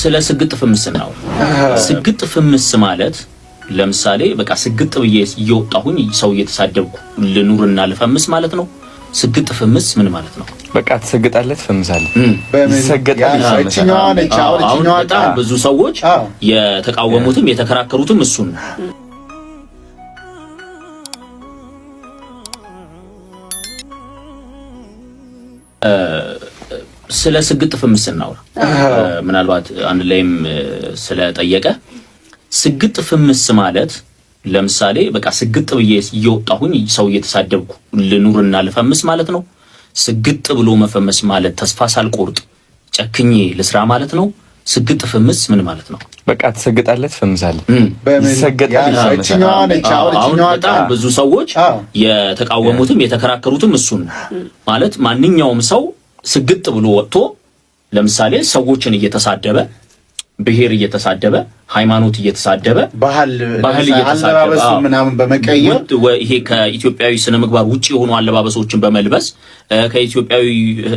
ስለ ስግጥ ፍምስ ነው። ስግጥ ፍምስ ማለት ለምሳሌ በቃ ስግጥ ብዬ እየወጣሁኝ ሰው እየተሳደብኩ ልኑርና ልፈምስ ማለት ነው። ስግጥ ፍምስ ምን ማለት ነው? በቃ ትሰግጣለህ፣ ትፈምሳለህ። አሁን በጣም ብዙ ሰዎች የተቃወሙትም የተከራከሩትም እሱን ነው። ስለ ስግጥ ፍምስ ስናወራ ምናልባት አንድ ላይም ስለጠየቀ ስግጥ ፍምስ ማለት ለምሳሌ በቃ ስግጥ ብዬ እየወጣሁኝ ሰው እየተሳደብኩ ልኑርና ልፈምስ ማለት ነው። ስግጥ ብሎ መፈመስ ማለት ተስፋ ሳልቆርጥ ጨክኜ ልስራ ማለት ነው። ስግጥ ፍምስ ምን ማለት ነው? በቃ ትሰግጣለህ፣ ትፈምሳለህ። አሁን በጣም ብዙ ሰዎች የተቃወሙትም የተከራከሩትም እሱን ማለት ማንኛውም ሰው ስግጥ ብሎ ወጥቶ ለምሳሌ ሰዎችን እየተሳደበ ብሔር እየተሳደበ ሃይማኖት እየተሳደበ ባህል እየተሳደበ ምናምን በመቀየር ይሄ ከኢትዮጵያዊ ስነ ምግባር ውጭ የሆኑ አለባበሶችን በመልበስ ከኢትዮጵያዊ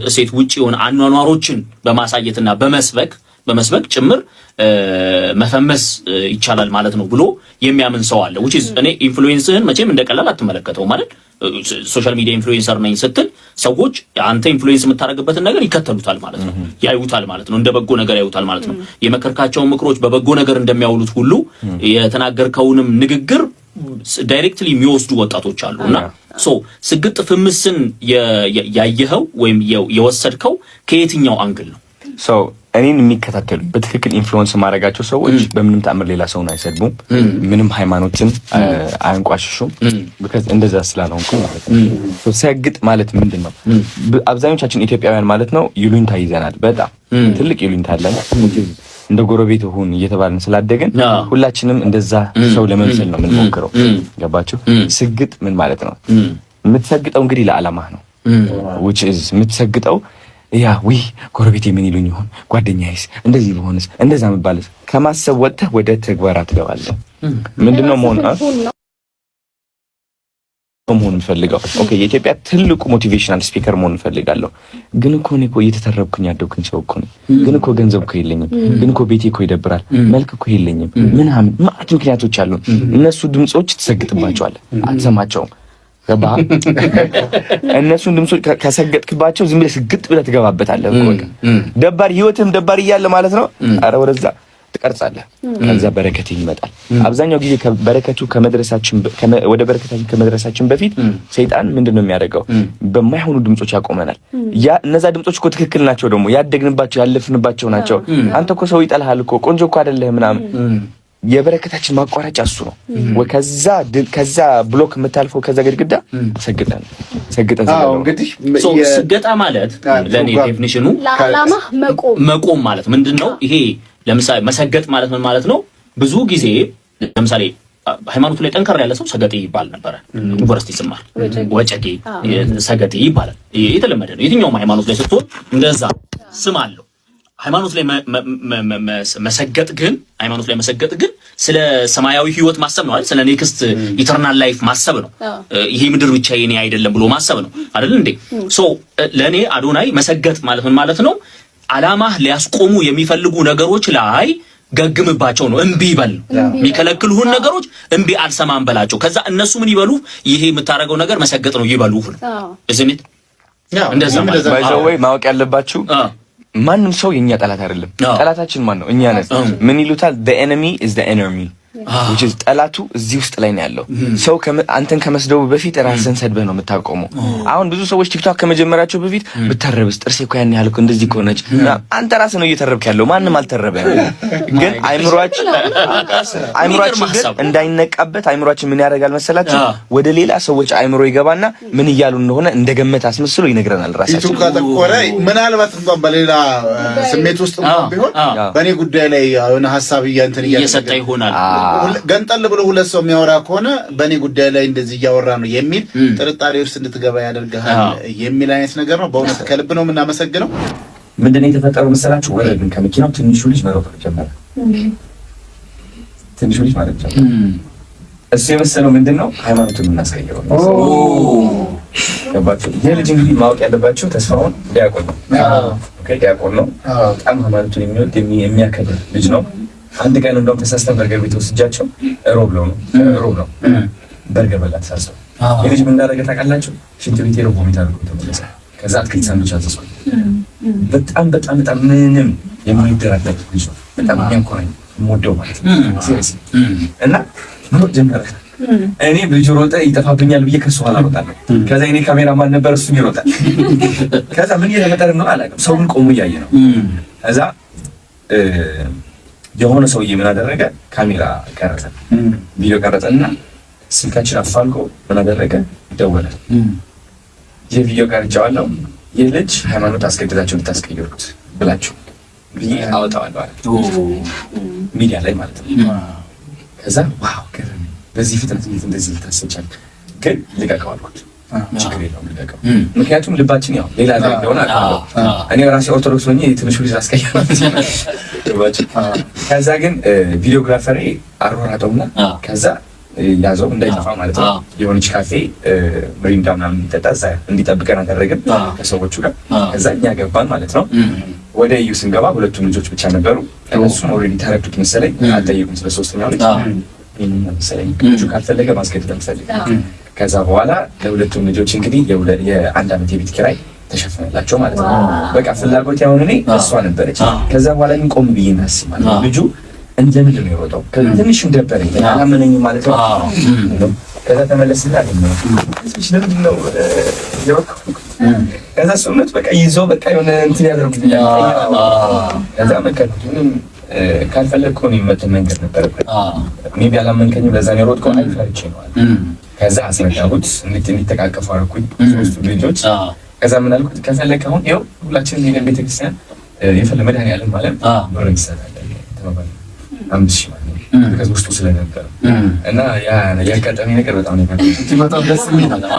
እሴት ውጭ የሆነ አኗኗሮችን በማሳየትና በመስበክ በመስበክ ጭምር መፈመስ ይቻላል ማለት ነው ብሎ የሚያምን ሰው አለ። ውጪ እኔ ኢንፍሉዌንስህን መቼም እንደቀላል አትመለከተው ማለት ሶሻል ሚዲያ ኢንፍሉዌንሰር ነኝ ስትል ሰዎች አንተ ኢንፍሉዌንስ የምታደርግበትን ነገር ይከተሉታል ማለት ነው፣ ያዩታል ማለት ነው፣ እንደ በጎ ነገር ያዩታል ማለት ነው። የመከርካቸውን ምክሮች በበጎ ነገር እንደሚያውሉት ሁሉ የተናገርከውንም ንግግር ዳይሬክትሊ የሚወስዱ ወጣቶች አሉ እና ሶ ስግጥ ፍምስን ያየኸው ወይም የወሰድከው ከየትኛው አንግል ነው? ሰው እኔን የሚከታተሉ በትክክል ኢንፍሉወንስ የማደርጋቸው ሰዎች በምንም ተአምር ሌላ ሰውን አይሰድቡም፣ ምንም ሃይማኖትን አያንቋሽሹም። ቢካዝ እንደዛ ስላልሆንኩ ማለት ነው። ሲያግጥ ማለት ምንድን ነው? አብዛኞቻችን ኢትዮጵያውያን ማለት ነው ይሉኝታ ይዘናል። በጣም ትልቅ ይሉኝታ አለን። እንደ ጎረቤት ሁን እየተባለን ስላደግን ሁላችንም እንደዛ ሰው ለመምሰል ነው የምንሞክረው። ገባችሁ? ስግጥ ምን ማለት ነው? የምትሰግጠው እንግዲህ ለዓላማህ ነው። ዊች ኢዝ የምትሰግጠው ያ ውይ ጎረቤት ምን ይሉኝ ይሆን ጓደኛዬስ እንደዚህ በሆንስ እንደዛ መባልስ ከማሰብ ወጥተህ ወደ ተግባራ ትገባለህ። ምንድነው መሆን መሆን የምፈልገው? ኦኬ። የኢትዮጵያ ትልቁ ሞቲቬሽናል ስፒከር መሆን እንፈልጋለሁ። ግን እኮ እኔ እኮ እየተተረብኩኝ ያደግኩኝ ሰው እኮ ነኝ። ግን እኮ ገንዘብ እኮ የለኝም። ግን እኮ ቤቴ እኮ ይደብራል። መልክ እኮ የለኝም ምናምን ማዕት ምክንያቶች አሉ። እነሱ ድምፆች ትሰግጥባቸዋለህ፣ አትሰማቸውም እነሱን ድምፆች ከሰገጥክባቸው ዝም ብለህ ስግጥ ብለህ ትገባበታለህ። ደባሪ ህይወትህም ደባሪ እያለ ማለት ነው። አረ ወደዛ ትቀርጻለህ። ከዛ በረከት ይመጣል። አብዛኛው ጊዜ በረከቱ ከመድረሳችን ወደ በረከታችን ከመድረሳችን በፊት ሰይጣን ምንድን ነው የሚያደርገው? በማይሆኑ ድምፆች ያቆመናል። ያ እነዛ ድምፆች እኮ ትክክል ናቸው፣ ደግሞ ያደግንባቸው ያለፍንባቸው ናቸው። አንተ እኮ ሰው ይጠልሃል እኮ ቆንጆ እኮ አይደለህ ምናምን የበረከታችን ማቋረጫ እሱ ነው። ከዛ ከዛ ብሎክ የምታልፈው ከዛ ግድግዳ ሰግጠን ሰግጠን እንግዲህ ስገጣ ማለት ለእኔ ዴፊኒሽኑ ለዓላማ መቆም ማለት ምንድን ነው? ይሄ ለምሳሌ መሰገጥ ማለት ምን ማለት ነው? ብዙ ጊዜ ለምሳሌ ሃይማኖቱ ላይ ጠንከር ያለ ሰው ሰገጤ ይባል ነበረ። ዩኒቨርሲቲ ስማር ወጨጌ ሰገጤ ይባላል። የተለመደ ነው። የትኛውም ሃይማኖት ላይ ስትሆን እንደዛ ስም አለው። ሃይማኖት ላይ መሰገጥ ግን ሃይማኖት ላይ መሰገጥ ግን ስለ ሰማያዊ ህይወት ማሰብ ነው አይደል? ስለ ኔክስት ኢተርናል ላይፍ ማሰብ ነው። ይሄ ምድር ብቻ የኔ አይደለም ብሎ ማሰብ ነው አይደል እንዴ? ሶ ለእኔ አዶናይ መሰገጥ ማለት ምን ማለት ነው? አላማህ ሊያስቆሙ የሚፈልጉ ነገሮች ላይ ገግምባቸው ነው። እምቢ ይበል ነው የሚከለክሉህን ነገሮች እምቢ አልሰማም በላቸው። ከዛ እነሱ ምን ይበሉ? ይሄ የምታደርገው ነገር መሰገጥ ነው ይበሉህ ነው እዚህ እንደዛ ማወቅ ያለባችሁ ማንም ሰው የእኛ ጠላት አይደለም። ጠላታችን ማን ነው? እኛ ነን። ምን ይሉታል? ኤኒሚ ኢዝ ኤኒሚ Ah. ጠላቱ እዚህ ውስጥ ላይ ነው ያለው። hmm. ሰው አንተን ከመስደቡ በፊት ራስን hmm. ሰድበህ ነው የምታቆመው። oh. አሁን ብዙ ሰዎች ቲክቶክ ከመጀመራቸው በፊት hmm. ብታረብስ ጥርሴ እኮ ያን ያህል እንደዚህ ከሆነች አንተ ራስ ነው እየተረብክ ያለው፣ ማንም አልተረበ፣ ግን አይምሯችን ግን እንዳይነቃበት አይምሯችን ምን ያደርጋል መሰላችሁ? Ah. ወደ ሌላ ሰዎች አይምሮ ይገባና ምን እያሉ እንደሆነ እንደ ገመት አስመስሎ ይነግረናል። ራሳችን ካተኮረ ምናልባት እንኳን በሌላ ስሜት ውስጥ ah. ቢሆን በእኔ ጉዳይ ላይ ሀሳብ እያንትን እየሰጠ ይሆናል ገንጠል ብሎ ሁለት ሰው የሚያወራ ከሆነ በእኔ ጉዳይ ላይ እንደዚህ እያወራ ነው የሚል ጥርጣሬ ውስጥ እንድትገባ ያደርግሃል የሚል አይነት ነገር ነው። በእውነት ከልብ ነው የምናመሰግነው። ምንድን ነው የተፈጠረው መሰላችሁ ወይ? ግን ከመኪናው ትንሹ ልጅ መሮጥ ጀመረ። ትንሹ ልጅ ማለት ጀመረ። እሱ የመሰለው ምንድን ነው ሃይማኖቱን የምናስቀይረው ገባችሁ? ይህ ልጅ እንግዲህ ማወቅ ያለባቸው ተስፋውን ዲያቆን ነው። ዲያቆን ነው። በጣም ሃይማኖቱን የሚወድ የሚያከብር ልጅ ነው። አንድ ቀን እንደውም ተሳስተን በርገር ቤት ወስጃቸው ሮብ ነው ሮብ ነው በርገር በላ ተሳስተው የልጅ ምን እንዳደረገ ታውቃላችሁ? ሽንት ቤት ሄደው ቮሚት አድርጎ ተመለሰ። ከዛ አትክልት ሳንዱች አዘዝኩ። በጣም በጣም በጣም ምንም የማይደራደር ልጅ ነው። በጣም የሚያንኮራኝ የምወደው ማለት ነው ሲሪየስ እና ሮጥ ጀመረ። እኔ ልጁ ሮጠ ይጠፋብኛል ብዬ ከሱ አላሮጣለሁ። ከዛ እኔ ካሜራ ማን ነበር እሱም ይሮጣል። ከዛ ምን እየተፈጠረ ነው አላውቅም። ሰውን ቆሙ እያየ ነው ከዛ የሆነ ሰውዬ ምን አደረገ? ካሜራ ቀረጸ፣ ቪዲዮ ቀረጸና ስልካችን አፋልቆ ምን አደረገ? ደወለ። የቪዲዮ ቀርጫዋለሁ የልጅ ሃይማኖት አስገድዳቸው ልታስቀየሩት ብላችሁ ብዬ አወጣዋለሁ አለ፣ ሚዲያ ላይ ማለት ነው። ከዛ ዋው ገረመኝ፣ በዚህ ፍጥነት እንዴት እንደዚህ ልታሰቻል? ግን አልኩት። ችግር የለውም ልቀቀው። ምክንያቱም ልባችን ያው ሌላ ላይ እንደሆነ አውቃለሁ። እኔ ራሴ ኦርቶዶክስ ሆኜ ትንሹ ልጅ አስቀያለሁ። ልባችን። ከዛ ግን ቪዲዮግራፈሪ አሯራጠውና ከዛ ያዘው እንዳይጠፋ ማለት ነው። የሆነች ካፌ ምሪንዳ ምናምን የሚጠጣ እዛ እንዲጠብቀን አደረግን ከሰዎቹ ጋር። ከዛ እኛ ገባን ማለት ነው። ወደ እዩ ስንገባ ሁለቱም ልጆች ብቻ ነበሩ። እነሱም ኦልሬዲ ተረዱት መሰለኝ። አልጠየቁም ስለ ሶስተኛው ልጅ መሰለኝ። ልጁ ካልፈለገ ማስገድ ለምፈልግ ከዛ በኋላ ለሁለቱም ልጆች እንግዲህ የአንድ ዓመት የቤት ኪራይ ተሸፈነላቸው ማለት ነው። በቃ ፍላጎት ያሁን እኔ እሷ ነበረች። ከዛ በኋላ ግን ቆም ብዬ ናስብ ማለት ልጁ እንደ ምንድን ነው የሮጠው? ትንሽም ደበረኝ አላመነኝ ማለት ነው። ከዛ ተመለስና ትንሽ ለምንድን ነው ከዛ ሰውነት በቃ ይዞ በቃ የሆነ እንትን ያደርጉልኛል ከዛ መከ ካልፈለግከው የሚመት መንገድ ነበረበት። ሜቢ አላመንከኝም። ለዛ ነው የሮጥከው። አይ ፈርቼ ነው። ከዛ አስመጣሁት፣ እንዲተቃቀፉ አደረኩኝ ሶስቱ ልጆች። ከዛ ምን አልኩት፣ ከፈለግክ አሁን ይኸው ሁላችን ሄደን ቤተክርስቲያን የፈለ መድኃኒዓለም ማለት ብር እንሰጣለን ተባባልን። አምስት ሺህ ማለት ነው ውስጡ ስለነበረ እና ያ ያጋጠመኝ ነገር በጣም ነገር በጣም ደስ የሚል